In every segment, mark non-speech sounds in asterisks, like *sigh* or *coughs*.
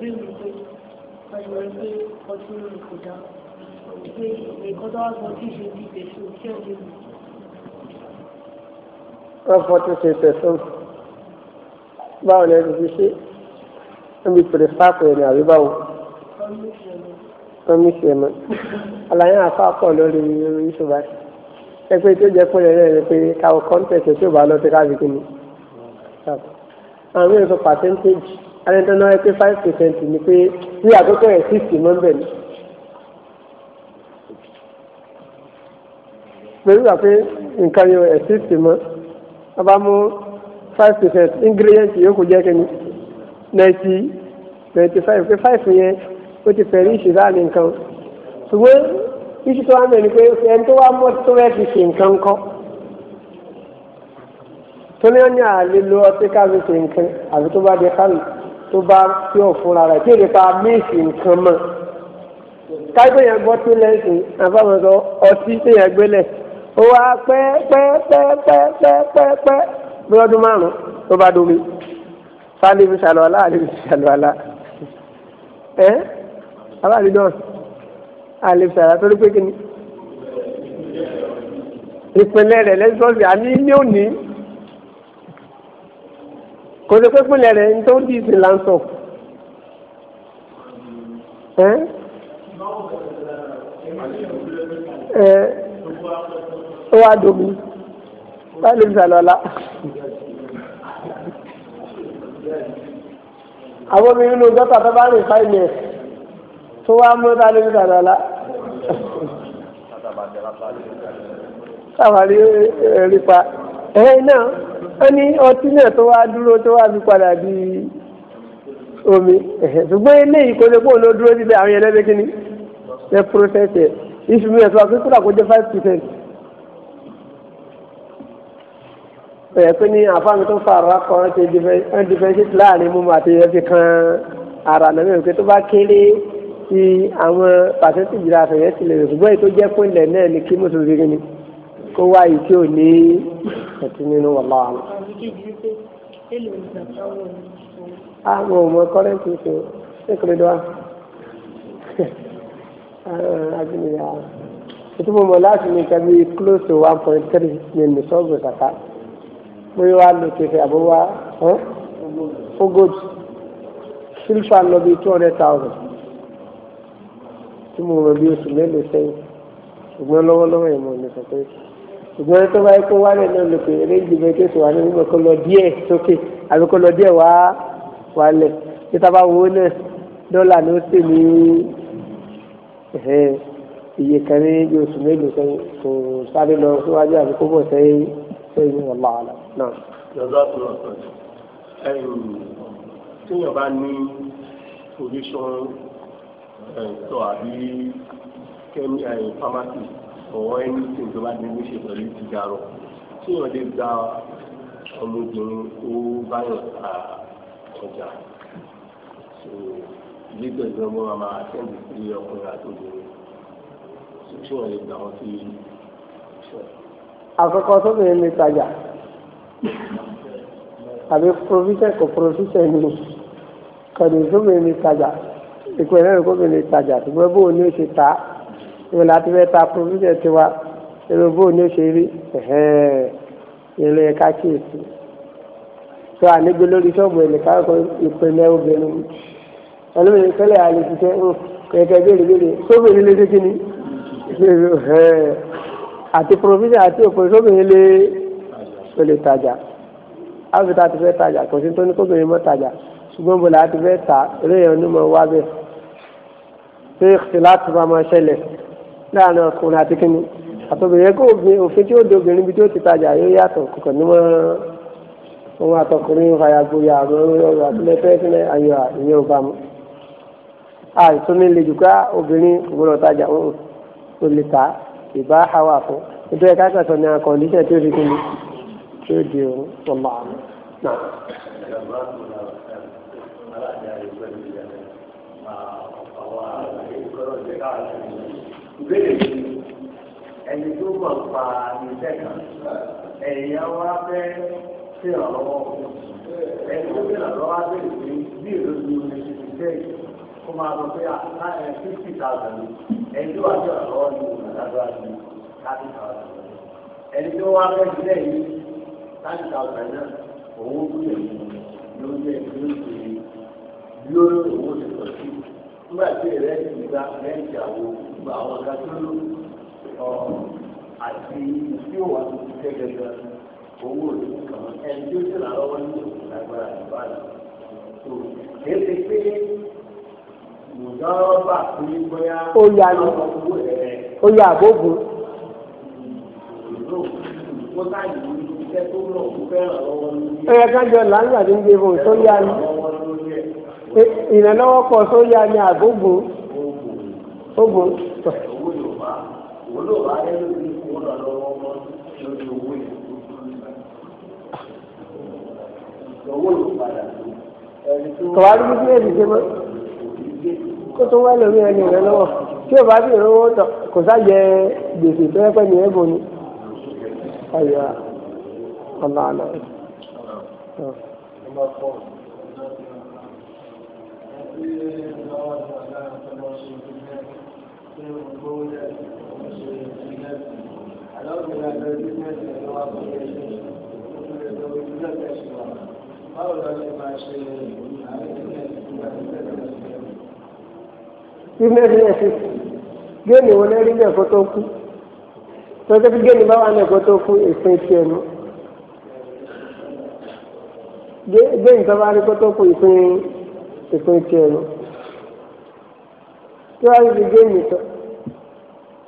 bí mi pé ọjọ́ pé ọtún mi kò dá pé ẹ̀kọ́ tó wá sọ tí ìṣe ti tẹ̀sùn tí ò lè mú. wọ́n fọ́ tó ṣe tẹ̀sùn báwo ni ẹni fi ṣe níbi pèrèfáàpù ẹ̀rìn àbí báwo wọ́n mí ṣe mọ́ àlàyé àfa pọ̀ lórí ìṣòwò àti ẹgbẹ́ tó jẹ́ pẹ́lẹ́ rẹ̀ ni pé káwọ́ kọ́ńtẹ̀sì tó bá lọ sí káàbí kí àwọn èèyàn sọ alẹ́tọ́nà ẹ pé five percent ni pé ní àkókò ẹ̀ sixty mọ́ bẹ̀ ni. pẹ̀lú wà pé nǹkan yẹn ẹ̀ sixty mọ́ a bá mú five percent ingredient yòókù jẹ́ kí ni ninety ninety five pé five yẹn ó ti fẹ̀rí ìṣèlá ní nǹkan ṣùgbọ́n iṣu tó wá mẹ́rin pé ẹni tó wá mọ́ tó rẹ́ ti ṣe nǹkan kọ́ tó ní ọ̀nà àlelo ọtí káfíńsì nǹkan àbí tó bá di kálù tó bá pure fúnra rẹ̀ tí èdèpá míìsì nǹkan mọ̀ káyọ̀ yẹn gbọ́ tó lẹ́sìn àbáwọn sọ ọtí tó yẹn gbélẹ̀ ó wá pẹ́ pẹ́ pẹ́ pẹ́ pẹ́ pẹ́ pẹ́ bí ọdún márùn-ún tó bá domi fáàlì fi ṣàlọ́ àlá àlè fi ṣàlọ́ àlá ẹ́ abáàlì náà àlè fi ṣàlọ́ àtọ́rí pé ìpínlẹ̀ rẹ̀ lẹ́sọ̀ọ̀sì àní ní òní kò sí pé pínlẹ̀ rẹ̀ ní tó ń dìísì láǹsọ̀. ó wá domi báyìí ló ń sàlọ́lá. àwọn obìnrin inú dọ́tà tó bá rìn fáìlì ẹ̀ tó wá mú ta ló ń sàlọ́lá. sábà rí pa ẹ̀yìn náà ó ní ọtí náà tó wá dúró tó wá fi padà di omi ṣùgbọ́n eléyìí kò lè pọ̀ ló dúró síbẹ̀ àwọn yẹn lẹ́gbẹ́ kínní ẹ process ẹ ìṣubú yẹn tó wá pé kúrò àkójọ five percent. ẹ pé ní àfáàmì tó fa àrà kan ṣe differentiate láàrin mímu àti ẹ̀fì kan ara nàmí òkè tó bá kéré ti àwọn pàṣẹ tìjìlá àfẹ̀yẹ́sì lè rẹ̀ ṣùgbọ́n èyí tó jẹ́ pínlẹ̀ náà ni kí mùsùlùmí kínní kó wá yìí tí ò ní ẹtí nínú wàhálà wọn. àwọn ọmọ kọ́rẹ́ǹtì ṣe ṣé kò lè dọ́wà *laughs* ah, àbínibà ètò mọ̀mọ́ láti ní nǹkan bíi close to one point three ní nìṣọ́ọ̀bù kàkà bóyá wàá lò kéfì àbúwá ogójì sílfà lọ bíi two hundred thousand tí mo rò bí oṣù mélòó sẹ́yìn ṣùgbọ́n lọ́wọ́lọ́wọ́ ìmọ̀ nìkan pé ṣùgbọ́n tó bá yẹ kó wálẹ̀ náà lè pè eré ìdìbò ètò ìṣòwò àti ìgbìmọ̀ kó lọ díẹ̀ sókè àbí kó lọ díẹ̀ wá wálẹ̀ títa bá wo náà dọ́là ló sì ní iye kan ní bí oṣù mélòó kan kò sáré lọ síwájú àbí kó bọ̀ sẹ́yìn sẹ́yìn wọ́n lọ́wọ́ àlọ́ náà. lọ́dọ̀ tó lọ sọ téèyàn bá ní solution tó àbí pharmacy ọ̀wọ́ ẹni tí nǹkan bá ti ní ṣe pẹ̀lú ìtìjàrọ tí wọ́n lè gba ọmọbìnrin ó báyọ̀ ta ọjà ilé pẹ̀lú ọmọ wa máa tẹ́lẹ̀ sí ọkùnrin àti obìnrin tí wọ́n lè gba wọn sí àkọ́kọ́ sóbìnrin lè tajà àbí provision kò provision ni kọ̀dùn sóbìnrin lè tajà ìpínlẹ̀ rẹ̀ kóbìnrin lè tajà ṣùgbọ́n bóun ni ó ṣe ta ìwé láti fẹ́ ta provision tiwa èrò bóun ní ṣe rí ìrìn ẹ̀ka kíyèsí tó àlégbé lórí ṣọ́ọ̀bù ẹ̀nìkan kọ ìpínlẹ̀ obìnrin ọlọ́run ìpínlẹ̀ àlejòṣẹ́ kẹ̀kẹ́ béèrè béèrè sóbìnrin lé dékì ni àti provision àti òpin sóbìnrin lé tó lè tajà áfíríkà ti fẹ́ tajà kò sí tó ní kóbìnrin mọ́ tajà ṣùgbọ́n bọ̀lá ti fẹ́ ta eré yẹn onímọ̀ wá bẹ́ẹ̀ ṣé ìṣẹ̀lá máa ṣẹlẹ̀ láàrin ọkùnrin àti kínní àtọbìnrin kò obìnrin òfin tí ó de obìnrin bí tí ó ti tajà yóò yàtọ̀ kọ̀ọ̀kan ní wọ́n òun àtọkùnrin fàyàgboyà àwọn ọ̀rọ̀ àtúnlẹ̀fẹ́ sílẹ̀ ayọ̀ ìyẹn ò bá mu. àìsàn ilé jù ká obìnrin kò gbọdọ̀ tajà òun ò lè ta ìbá hawa fún nítorí ẹ̀ka kẹsàn ní àkọ́ndíṣẹ̀ tí ó fi kínní tí ó di òun ọ̀la àmì náà. Thank you ìbéèrè mi ẹni tó mọ̀ pa iṣẹ́ kan ẹ̀yà wa fẹ́ ṣèrànlọ́wọ́ ẹni tó ṣèrànlọ́wọ́ á bẹ̀rẹ̀ pé bí èrò ti ń ṣe iṣẹ́ yìí kó máa lọ pé ah, fifty thousand ẹni tó wà ṣèrànlọ́wọ́ ni ìgbàdàgbà ni thirty thousand ẹni tó wá fẹ́ ṣiṣẹ́ yìí thirty thousand náà òun kú lè mú yóò jẹ́ yóò ṣe yóò lówó ṣe pọ̀ sí nígbà tí ìrẹsì gbígbá lẹ́yìn ìyàwó gbogbo àwọn ọ̀gá tó lò ọ̀ àti tí ó wà tuntun kẹ́gẹ́gẹ́ owó òdòdó kan ẹni tí ó sì là lọ́wọ́ ní ìgbàgbọ́ra ìbára tó kéde pé mùdọ́rọ́bà tó ní bóyá ó yà ní ó yà àbógun. Ẹyẹ kájọ làǹgbà tó ń gbé bò sóyá ni ìrànlọ́wọ́ pọ̀ sóyá ni àbógun ó gbó tọ̀. owó yóò bá owó yóò bá rẹ lórí owó lọ lọ́wọ́ mọ́ lórí owó yìí. owó yóò padà tó. kọ̀wárí bí bíyẹn ti ṣe mọ́ kó tó wá lórí ẹni rẹ lọ́wọ́ tí o bá bí ìrówó tọ̀ kò sáyẹ gbèsè tó yẹ pé ní ẹ̀bùn ni. ayọ̀ ọ̀la àná. Thank you ilé ẹsẹ ẹsẹ géèmì wọn lẹ́rìí ní ẹ̀fọ́ tó kú tọ́jú pé géèmì bá wà ní ẹ̀fọ́ tó kú ìpín tiẹ̀ nù géèmì tó bá rí kó tó kú ìpín ìpín tiẹ̀ nù tí wàá rí géèmì tó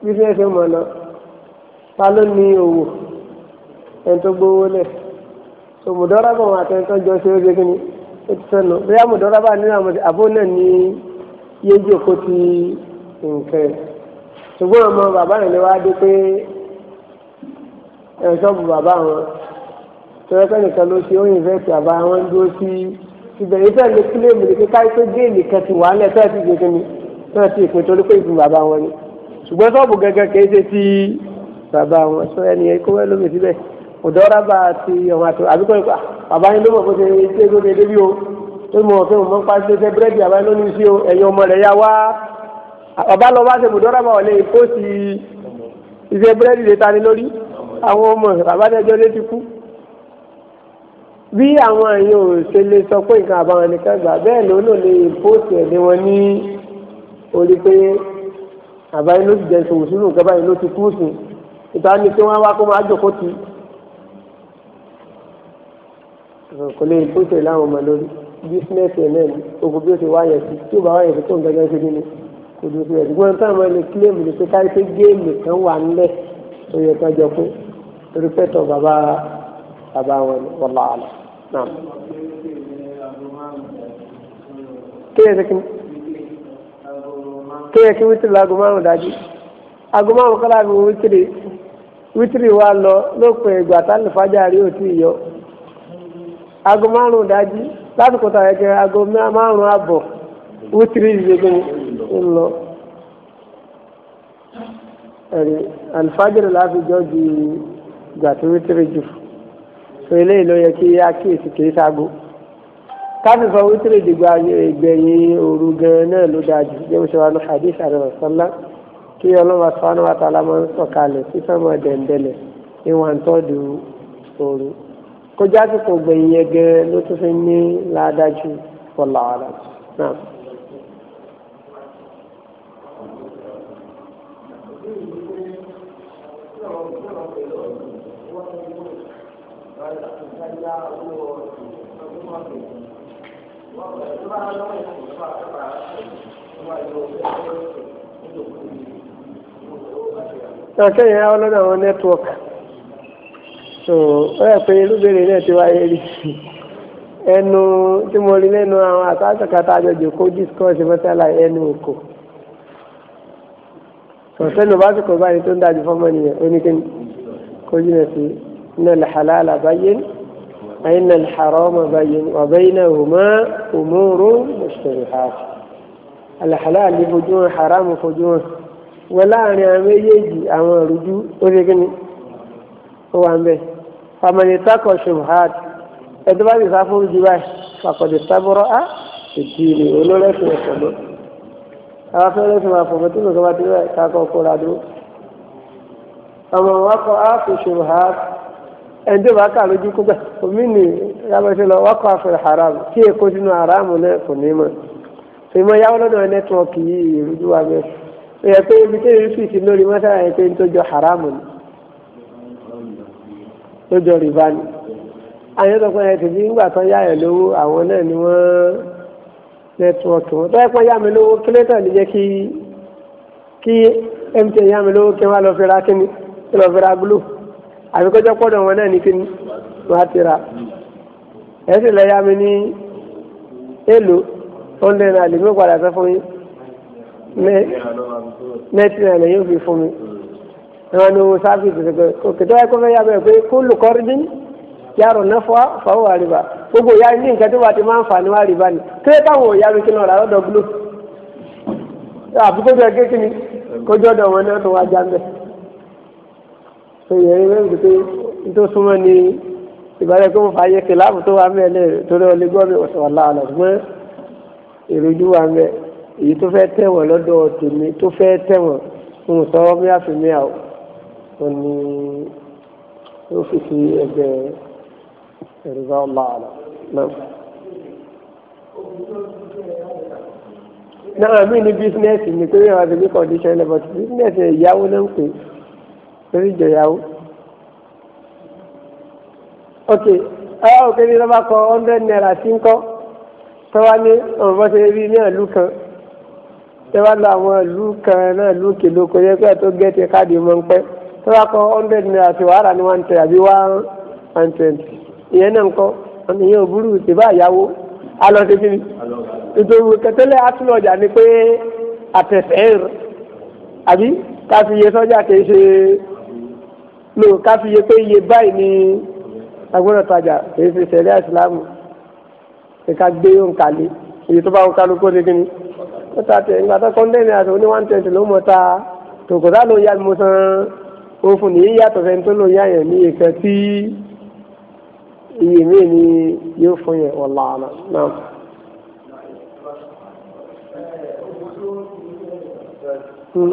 bí fẹ́ fẹ́ mọ̀ náà ta ló ní owó ẹni tó gbówó lẹ̀ so mùdọ́rábà wọn àtẹnitọ́ jọ ṣe é ṣe kí ni ó ti sẹ́nu bóyá mùdọ́rábà nínú àwọn àbó náà ní yéjì òkú ti nǹkan ẹ̀ ṣùgbọ́n ọmọ bàbá rẹ̀ lè wá dé pé ẹ̀ ṣọ́ọ̀bù bàbá wọn tọ́lá pẹ́ nìkan ló ṣe oyin fẹ́ ti àbá wọn dúró sí ibẹ̀ yìí fẹ́ lè kílèmù ní kíkáyé tó géèlì kan ti wà á ti gbé kí ni ti ìpín torí pé ìpín bàbá wọn ni ṣùgbọ́n sọ́ọ̀bù gẹ́gẹ́ kìí ṣe ti bàbá wọn sọ ẹni ẹ kó wẹ́ lómi síbẹ̀ ọ̀dọ́ra bá a ti ọmọ àti àbíkọ́ ìpa bàbá yín ló mọ̀ bó ṣe ṣe tó ṣe débi o tó mọ̀ fẹ́ mọ̀ pa ṣe ṣe búrẹ́dì bàbá yín ló ní sí o ẹ̀yin ọmọ rẹ̀ yá wá bàbá lọ bá ṣe ọ̀dọ́ra bá wọlé kó sì ṣe búrẹ́dì lè ta ni lórí àwọn ọmọ bàbá dẹjọ́ lé ti kú bí àwọn èèyàn ò ṣe lè sọ pé nǹkan àbáwọn nìkan gbà bẹ́ẹ̀ ló lò lè pósì ẹ̀ àbáyé ló ti jẹ ìṣòwò sínú nǹkan báyìí ló ti kú sí ìta ni kí wọ́n wá kó máa jòkó ti kò lè tó tẹ̀lé àwọn ọmọ lórí bísínẹ́sì ẹ̀ náà ni ogun bí ó ti wáyẹ̀ sí tí ó bá wáyẹ̀ sí tó ń gẹ́gẹ́ sí nínú kò dùn sí ẹ̀ ṣùgbọ́n táwọn ọmọ ẹni kílèmù ni pé káyọ̀ pé géèmù kan wà ńlẹ̀ tó yẹ kan jọ pé torí pẹ́tọ̀ bàbá bàbá wọn ni wọ́n lọ́ọ́ àlọ́ náà. kí ẹ ṣe kí ni tó yẹ kí wítìrì láago márùn dájú aago márùn kọ́lá mi wítìrì wítìrì wa lọ lópin ìgbà tálùfájà rí òtún ìyọ aago márùn dájú lásìkò tó yẹ kí aago márùn àbọ̀ wítìrì ìdílé ń lọ ẹ̀rí alifájìrì láti jọ ju ìgbà tó wítìrì jù so eléyìí ló yẹ kí á kíyèsí kìí káfí sọ wítìrì dìgbà ìgbẹ̀yìn òru gan náà ló dáa jù jẹ́ mọ́ṣẹ́ wa ní hadith àdàlọ́ sọ́lá kí ọlọ́wà sọ́nà wa tààlà máa ń sọ̀kalẹ̀ sísọ́mọ̀ dẹ̀ndẹ̀lẹ̀ ní wọn tọ́jú kó jáde kò gbẹ̀yìn yẹn gan ló tún fi ní ládájú fọlọ́ọ̀lá náà. ọ̀kẹ́ yẹn á lọ́dọ̀ àwọn network so ó yẹ pé irúbèrè náà ti wáyé rí ẹnu tí mo rí lẹ́nu àwọn àtàkàtà àjọjò kó discuss mọ́tàlá ẹnu òkò sọ̀tẹ́nu bá ti kọ̀ báyìí tó ń dájú fọ́mọ nìyẹn ó ní kí kó jìnà sí iná lè halálà báyé فإن الحرام بين وبينهما أمور مشتبهات الحلال فجوه حرام فجوه ولا أنا يجي أما رجو أذكني هو أمبي فمن اتقى الشبهات أدبر يصافون جباش فقد استبرأ الدين ولو ليس يصبر أفضل ليس ما فهمتون كما تقول كاكو كولادو فمن وقع في الشبهات ẹni tó bá kà lójú kó gbà omi nì yabẹ́sẹ̀ lọ wákò àfẹ́ haram kí èkó sínú haram náà kò ní mọ̀ fèmọ yàwó lọ́dọ̀ nẹ́tíwọ́ọ̀kì yìí ìrújú wa bẹ́ẹ̀ ó yẹ pé ibi tẹ́lẹ̀ fi ti lórí mọ́sára yẹn pé ń tó jọ haram ni tó jọ rìbá ni àwọn tó pẹ́ tèmi ńgbà tó yá ẹ̀ lówó àwọn náà ni wọ́n nẹ́tíwọ́ọ̀kì wọn tó yẹ yá mi lówó kílẹ̀tọ̀ ní jẹ́ kí kí MTN yá mi lówó kí wọ́n lọ fi kíni kí lọ fi ra àbíkọ́jọ́ pọ́dọ̀ wọn náà ní kíni wọ́n á ti ra ẹ̀ sì lẹ́yà mi ní èlò ọ̀ndẹ̀ náà lèmi padà sọ fún yín nẹ́ẹ̀tì náà lè yóò fi fún mi wọn ní owó sáfìsì rẹ òkè tó yẹ kó fẹ́ yá bẹ́ẹ̀ pé kó lù kọ́rídín yàrá náà fọ́ fọ́ wà rìbá gbogbo ìyá ní nǹkan tó bá ti máa ń fà ní wà rìbá ni kéré táwọn ò yá mi kí n lọ́ra lọ́dọ̀ glo àbíkójọ kékeré kójọ́ dọ̀ wọn náà tó wá tó yẹ ẹ lẹ́yìn pé nítorí súnmọ́ ni ìbára ẹgbẹ́ òfò ayé kẹlẹ́ àbùtó wa mẹ́lẹ̀ torí ọlẹ́ gbọ́ mi ọ̀sán ọ̀la ọ̀la ṣùgbọ́n èròjú wa mẹ́ èyí tó fẹ́ tẹ̀wọ̀n lọ́dọ̀ tèmi tó fẹ́ tẹ̀wọ̀n fún un sọ́wọ́ bí àfihàn àwọ̀ ó ní ó fi fi ẹgbẹ́ èròjú ọ̀la ọ̀la náà. náà mí ní bísínẹ́sì ni pé wọ́n ti ní kọ́ndíṣẹ́ lẹ́bọ̀tì bísínẹ́sì ìyáwó náà ń pè é torí ìjọyàwó. ok ẹ òkè ní lọ́ba kọ hundred naira tí ń kọ́ tọ́wá ní ọ̀rọ̀mọ́sẹ̀ rí ní ìlú kan tẹ́wá lọ àwọn ìlú kan náà ìlú kìlú kò yẹ kí ẹ tó gẹ́tì káàdì mọ́ ń pẹ́ tọ́wá kọ hundred naira tí wàhálà ní one ten àbí one twenty ìyẹn náà ń kọ́ ọ̀nà ìyẹn ò burú ìtìbá àyàwó alọ́sẹ̀ kí ni ìdòwò kẹtẹ́lẹ̀ àtúnlọ̀ ọjà ni pé àtẹ̀fẹ́ rẹ̀ àbí káfíyèsọ́jà kì ṣe ló ká fi yẹ pé iye báyìí ni agbọ́dọ̀ tajà kì í ṣe ṣẹlẹ̀ àìsílámù ìka gbé òǹkà lé iye tó bá wọn kálukú ní kíni wọ́n ta tẹ̀ ìgbà tó kọ́ńdẹ́nì àti oní one twenty ló mọ̀ ta tòkòtà ló yá mi san òfun ní yíyàtọ̀ fẹ́ni tó lò yá yẹn ní ìfẹ́ tí iye míì ni yóò fún yẹn wọ́lá àná náà. Hmm.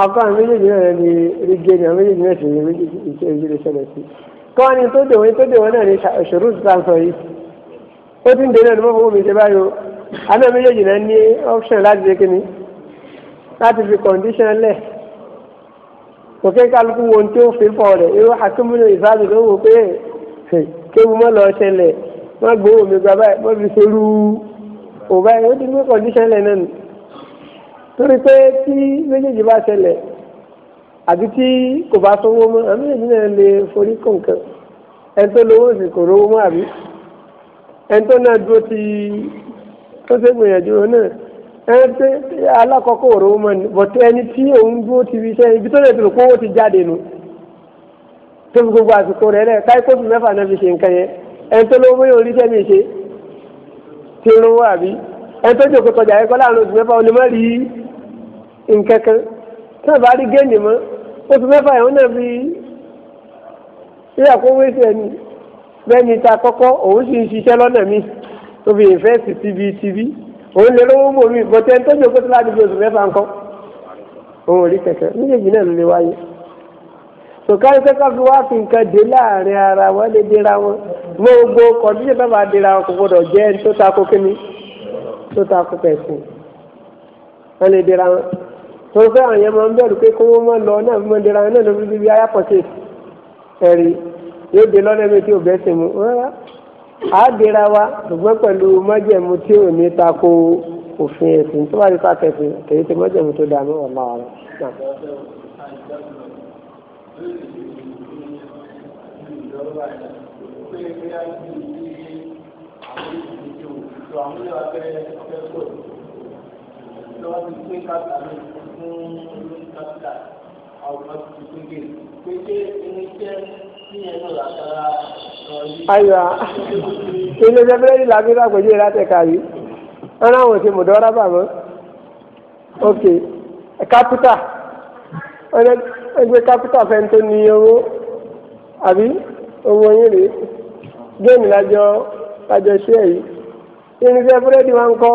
afa méjèèjì náà ni rígé ni àwọn méjèèjì náà sì ní méjèèjì ìṣe ìṣe ìṣẹ̀lẹ̀ sí kọ́ ni tó dè wọ́n tó dè wọ́n náà ni ṣòro ti sàǹsọ̀ yìí ó ti ń dè náà ni wọ́n fọwọ́ mi ṣe báyìí o àná méjèèjì náà ní option láti ṣe kíni láti fi condition lẹ̀ kò kí kálukú wo tí ó fi fọ rẹ̀ irú àtúmúlò ìfáàbì ló wò pé kéwu mọ́ lọ ṣẹlẹ̀ wọ́n gbowó mi gba báyìí wọ́n fi ṣerú òbáyìí torí pé tí méjèèjì bá ṣẹlẹ̀ àbí tí kò bá sówó mọ́ àmì èyí náà lè forí kó nǹkan ẹni tó lówó sì kò rówó mọ́ àbí ẹni tó náà dúró ti tó ṣe gbìyànjú náà ẹni tó alákọ̀ọ́kọ́ òrówó mọ́ ni bọ̀tẹ́ ẹni tí òun dúró ti fi iṣẹ́ ibi tó lè tó lò pé owó ti jáde nù tó fi gbogbo àsìkò rẹ̀ lẹ̀ káyí kóòtù mẹ́fà náà fi ṣe nǹkan yẹn ẹni tó lówó yóò rí iṣẹ́ ṣe ti rówó àbí ẹni tó jòkó tọjà ẹ̀kọ́ nǹkan kan tí wọ́n bá rí géènì mọ́ oṣù mẹ́fà yẹn wọ́n náà fi ṣé àkówó èsì ẹni bẹ́ẹ̀ ni ta kọ́kọ́ òun sì ń ṣiṣẹ́ lọ́nà mi tó fi ìfẹ́sì tìbí tìbí òun lè lówó mọ̀ mí bọ́tẹ́ ń tọ́jú òkú tó láti fi oṣù mẹ́fà ńkọ́ òun ò rí kẹ̀kẹ́ méjèèjì náà ló lè wáyé tòkárí kẹ́kọ̀ọ́ fi wá fi nǹkan dé láàrin ara wọn lè dira wọn gbogbo kọ̀díṣẹ́ náà máa dira wọn kò gbọdọ̀ jẹ́ tó ta kó kíní tó ta kó kẹ̀sìn wọn lè dira wọn tó fẹ́ àwọn yẹn máa ń bẹ̀rù pé kó wọ́n máa lọ náà fún ọdẹ ráyẹn náà ló fi bíbí ayápọ̀tẹ̀ ẹ̀rí yóò dé lọ́nà mi tí ò bẹ́ sè mu rárá àádéra wa ṣùgbọ́n pẹ̀lú májẹ̀mú tí ò ní tako òfin ẹ̀sìn tó wà ní pàkẹ́tì kèyí ti májẹ̀mú tó dànù ọ̀la ọ̀rọ̀ náà. Thank you lọ́wọ́ ti pé kápítà mi fún olórí kápítà àwùjọ ti pé gé pé ṣé irinṣẹ́ Ayiwa ilé iṣẹ́ bẹ́rẹ̀ ìlà bí lágbèjì látẹ̀ka yìí wọ́n náà wọ́n rábà mọ́ ok kápítà ẹgbẹ́ kápítà fẹ́ tó ní owó àbí owó yín rèé géèmì lájọ lájọ iṣẹ́ yìí irinṣẹ́ búrẹ́dì wa ń kọ́.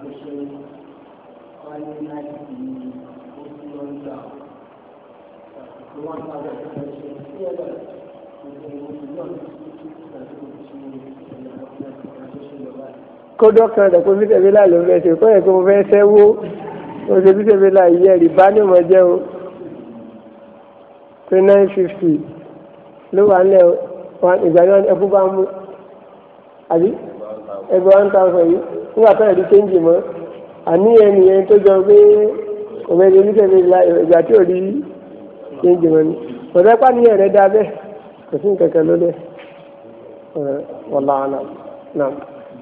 àgbéṣe wáyé láti oṣù lọ́jà àti wọ́n ta ọ̀rọ̀ ìgbésẹ̀ sí ẹ̀rọ ìgbésẹ̀ oṣù lọ́jà àti oṣù lọ́jà. kó dọ́kan rẹ̀ kó fífẹ̀mí láì ló ń fẹ́ ṣe kó mo fẹ́ fẹ́ wó mo ṣe láì yẹ rìbá ní mo jẹ́ o pé nine fifty ló wà ń lẹ̀ ìgbà náà ẹkú bá mú àbí ẹgbẹ́ one thousand yìí nígbà tó ẹ̀rí kéńjì mọ́ àní ẹni ẹni tó jọ pé ọmọ ẹni oníkẹ́kẹ́ la ìgbà tí ò rí kéńjì mọ́ ni ọ̀rẹ́ pàníyàn rẹ̀ dá bẹ́ẹ̀ kò sí nǹkankan ló dẹ̀ ọ̀la náà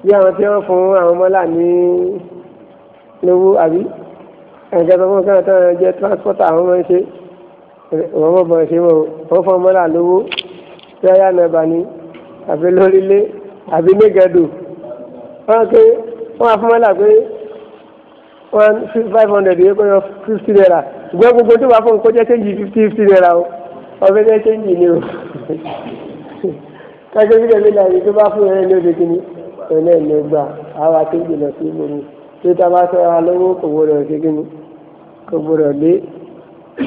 bí àwọn tí wọ́n fún àwọn ọmọlá ní lówó àbí ẹ̀ǹkẹ́ tó fún kẹ́hìn tó ń jẹ́ transporter àwọn ọmọ ṣe wọ́n mọ̀ bọ̀ ṣe mọ̀ wọ́n fún ọmọlá lówó tí wọ́n yá nàbà ni àbí lórílé àbí nígẹ̀dù wọ́n ké wọ́n máa fún mọ́là pé one five hundred yẹ kó yọ fifty naira ṣùgbọ́n gbogbo tó bá fún un kó jẹ́ kéjì fifty fifty naira o ọbẹ̀ jẹ́ kéjì ni o *laughs* kájọ́ bí ẹ̀mí náà yìí tó bá fún ẹ̀rẹ́ ní oṣù kìíní ẹ̀rẹ́ ní gbà àwa kéjì lọ sí ìbomi tó tá a bá sọ̀rọ̀ alówó kò gbọdọ̀ ṣe kìíní kò gbọdọ̀ lé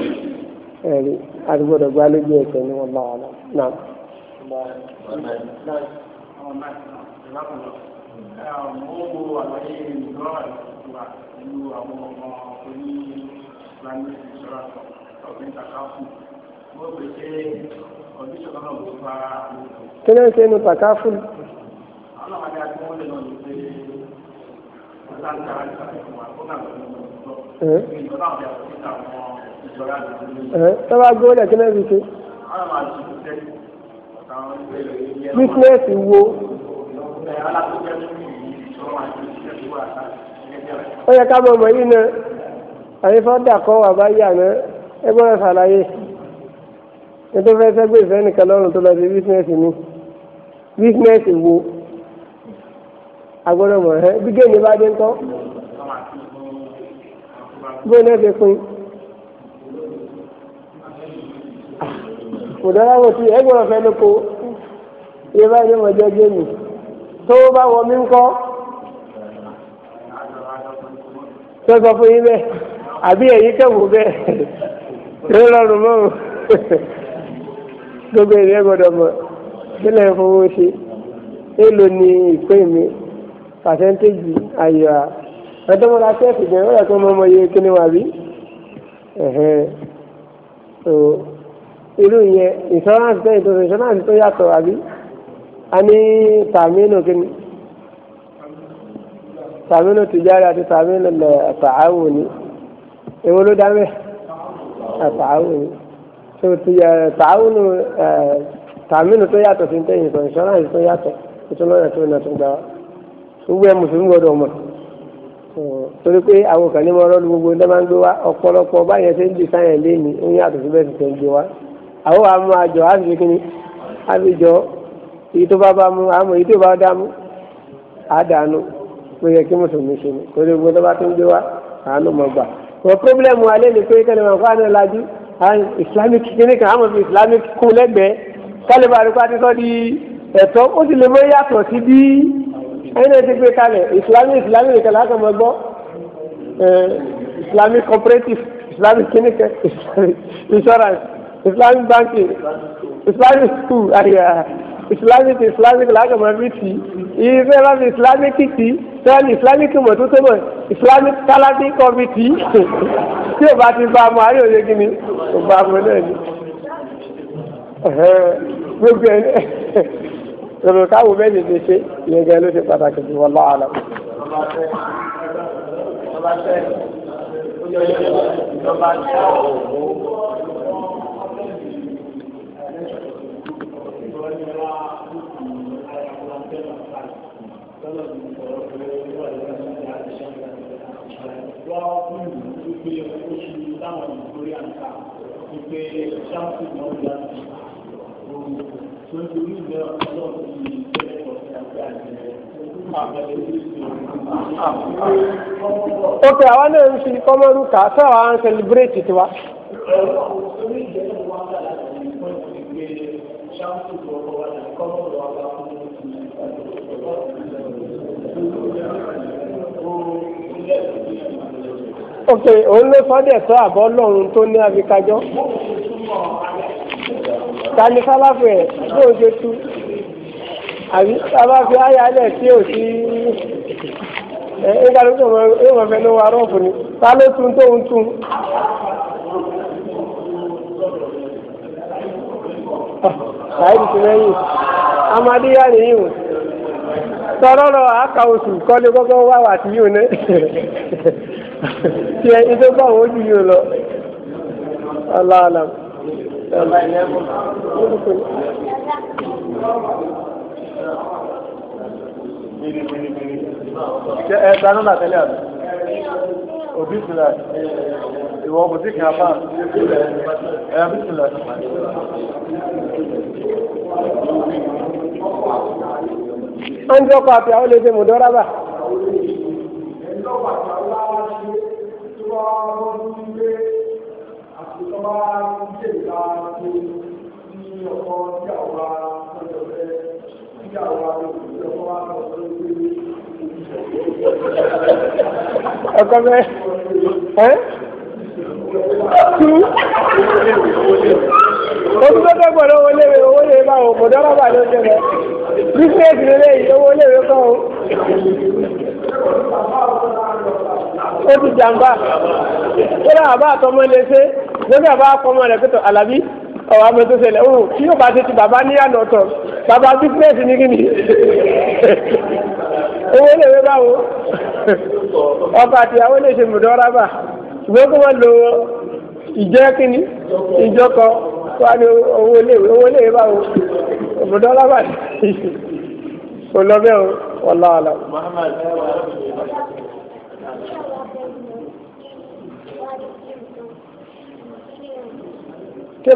*coughs* ẹ̀rí àdúgbòdò gba lójú ẹ̀sẹ̀ ní wọn bá wà náà mo ń wo àlàyé ìlọ́wà ìtura pẹ̀lú àwọn ọmọ oní islamic insurance ọ̀gbìn kàkàfù mo pè kí ló ń ṣe inú kàkàfù. àwọn àgbàdo àti wọn kí ló ń ṣe. àwọn wo ó yẹ ká mọ̀ mọ̀ yìí náà àyífọ́ dàkọ́ wà bá yà náà ẹ gbọ́dọ̀ ṣàlàyé nítorí fẹ́ sẹ́gbẹ́ ìfẹ́ nìkan lọ́rùn tó lọ sí bísínẹ́sì mi bísínẹ́sì wo agbọ́dọ̀ mọ̀ ẹ́ bí géèmì bá dé ńkọ́ bó ní ẹ fi pin ah, kò dára wò sí ẹ gbọ́dọ̀ fẹ́ lóko ìyẹn bá yẹ mọ̀ jẹ́ géèmì tó bá wọ mí ńkọ́ tó sọ fún yín bẹ́ẹ̀ àbí ẹ̀yin kẹ́wò bẹ́ẹ̀ ló rọrùn mọ́ o gbogbo ènìyàn gbọ́dọ̀ mọ̀ sílẹ̀ fowó ṣe èèlò ni ìpè mi pàṣẹ́ntéèjì ayọ̀ à ẹjọ́ mọ́ra sẹ́ẹ̀sì bẹ̀rẹ̀ ó yẹ kó mọ ọmọ iye kíni wà bí irú yẹn ìṣọ́ránsì tó yàtọ̀ àbí. ani tàmínú kini tàmínú tìjára àti tàmínú lẹ ni èwo ló dá mẹ ti ẹ tàáwò nu ẹ tàmínú tó yàtọ̀ so ntẹ̀yìn sọ ìṣọ́nàṣì tó yàtọ̀ ètò lọ́yà tó nà tó gbà wá gbogbo ẹ mùsùlùmí torí pé àwọn kan ní mo gbogbo ẹ̀ máa ń gbé wá ọ̀pọ̀lọpọ̀ báyẹn ṣe ń di sáyẹn lé ní yàtọ̀ ti tẹ̀ ń gbé àwọn àmọ́ àjọ èyí tó bá bá mú àmọ́ èyí tó bá dá mú àdánù ó yẹ kí mùsùlùmí ṣe ni torí gbogbo tó bá tó ń gbé wá àánú mọ̀ gbà. wọ́n pírọ́blẹ́mù alẹ́ ni pé kẹ́lẹ́ wọn kó àná lajú islamic kíní kan àmọ́ fi islamic kún lẹ́gbẹ̀ẹ́ kálíbà àdúgbò àti sọ́ di ẹ̀tọ́ ó sì lè mọ yàtọ̀ sí bí ẹni ti gbé kalẹ̀ islamic islamic nìkan láti ọmọ gbọ́ islamic cooperative islamic kíní kan *laughs* islamic insurance islamic banking islamic school àyà islamic islamic lákàmọ́ bí tì í ife bá fi islamic tì í sẹ́ni islamic mọ̀ tó tó mọ̀ islamic kálábí kọ́ bí tì tí o bá ti bá a mọ̀ ayé òye gini o bá a mọ̀ náà ni gbogbo ẹ̀ lọ́dọ̀ káwọn bẹ́ẹ̀ lè ṣe ìyẹn gan ló ṣe pàtàkì jù wọ́n lọ́wọ́ àlọ́. Thank you. ok àwa náà ń fi kọ́mọ́rù kà sáà wà á ń sẹlibireti tiwa ṣáàpù ok òun ló sọ́dẹ̀ tó àbọ̀ lọ́run tó ní abikajọ́ tani sábàfẹ́ ẹ̀ bó ṣe tú àbí sábàfẹ́ ayálẹ̀ tí ò sí ẹ̀ ẹ̀ ń kálukú yóò mọ̀ fẹ́ ló wa rọ́ọ̀bù ni ta ló tún tóun tún. ṣáìdì ti mẹ́yìn amadíyá nìyí o tọrọ lọ àkà oṣù kọ́lé kọ́kọ́ wà wà tí yóò ní tiẹ̀ ife bá wọn ojú lọ òbísìlẹ̀ ìwọ bùtíkì apá ẹ̀yà bísìlẹ̀. Andrew Papi, àwọn olè ṣe ọkọ bẹ́ẹ̀ ẹ́ tú oṣù tó gbọ́dọ̀ owó léwe owó léwe báwo kò dọ́rọ̀ bá ló jẹ lọ bísíǹsì lélẹ̀ yìí owó léwe kọ́ o ó ti jàǹbá tó dáa bá àtọmọ lè ṣe lórí àbá àkọmọ rẹ pẹtọ alábí ọ̀rọ̀ àmọ́ tó ṣẹlẹ̀ ó tí yóò bá ṣe ti bàbá níyànà ọ̀tọ̀ bàbá bísíǹsì ní kíni. owó lè wé báwo ọkọ àtìyàwó lè ṣe mùdọ́rábà ṣùgbọ́n kí wọ́n lo ìjẹ́ kínní ìjọkọ wà ní owó lè wé báwo o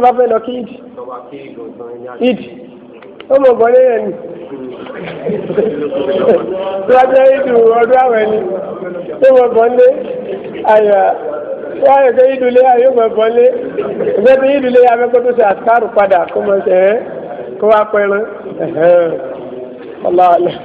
bá fẹ́ lọ kí ó mọ̀ gbọ́n lẹ́yìn ẹni. lọ́jọ́ ìdù ọdún àwọn ẹni tó mọ̀ bọ́n lé àyà wọ́n yẹ kó ìdù lé àyè mọ̀ bọ́n lé ìgbẹ́ tó ìdù lé abẹ́kọ́ tó ṣe àtàrù padà kó mọ̀ ṣe ẹ́ kó wá pẹ́rán ọlọ́ọ̀lẹ́.